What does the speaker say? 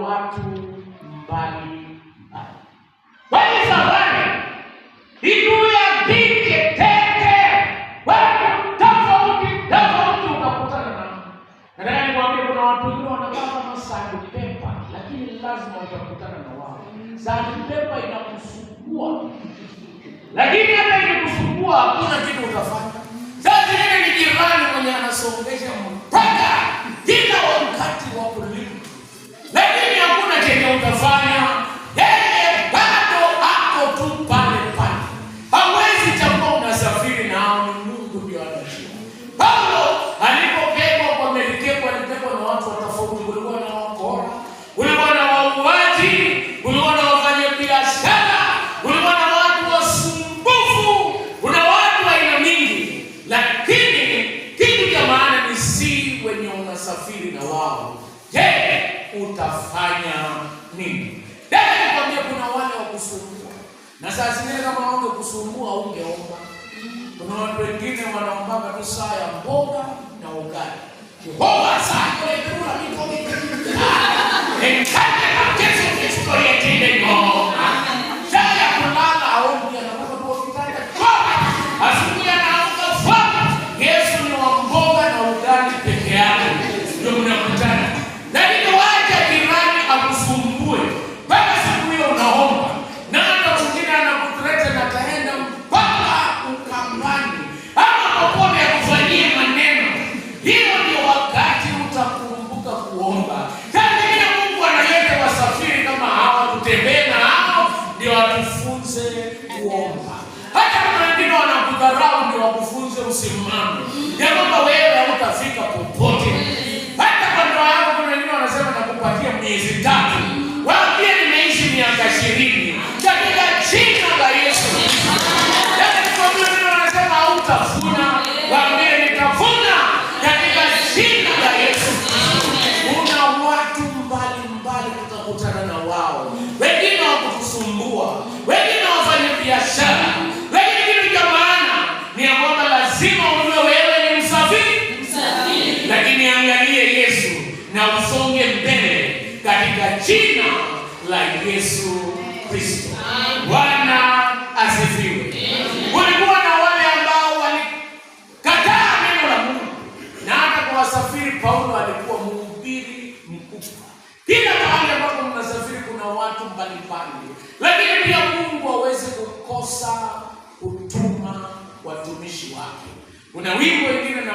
watu mbali mbali. Wewe safari inuu ya dhiki tete, wewe tofauti tofauti utakutana na Nataka nikwambie kuna watu wengine wanakaa kama sand lakini lazima utakutana na wao. Sand paper inakusumbua, lakini hata ikikusumbua hakuna kitu wenye unasafiri na wao, je, utafanya nini? Nikwambia, kuna wale wa kusumbua, na saa zingine kama wange kusumbua ungeomba. Kuna watu wengine wanaombaga tu saa ya mboga na ugali. wakufunze kuomba. Hata kama wengine wanakudharau, ndio wakufunze usimame ya kwamba wewe hautafika popote. Hata kwa ndoa yako, kuna wengine wanasema nakupatia miezi tatu, waambie nimeishi miaka ishirini katika jina la Yesu. Yaani wanasema katika la Yesu. Una watu mbalimbali utakutana nao kubwa, Wengi na wafanya biashara, lakini kitu cha maana ni ya kwamba lazima ujue wewe ni msafiri, lakini angalie Yesu na usonge mbele katika jina la Yesu Kristo. Bwana asifiwe. Kulikuwa na wale ambao walikataa neno la Mungu, na hata kwa wasafiri Paulo alikuwa mhubiri mkubwa. Kila mahali ambapo mnasafiri kuna watu mbalimbali Kuna wimbo ingine na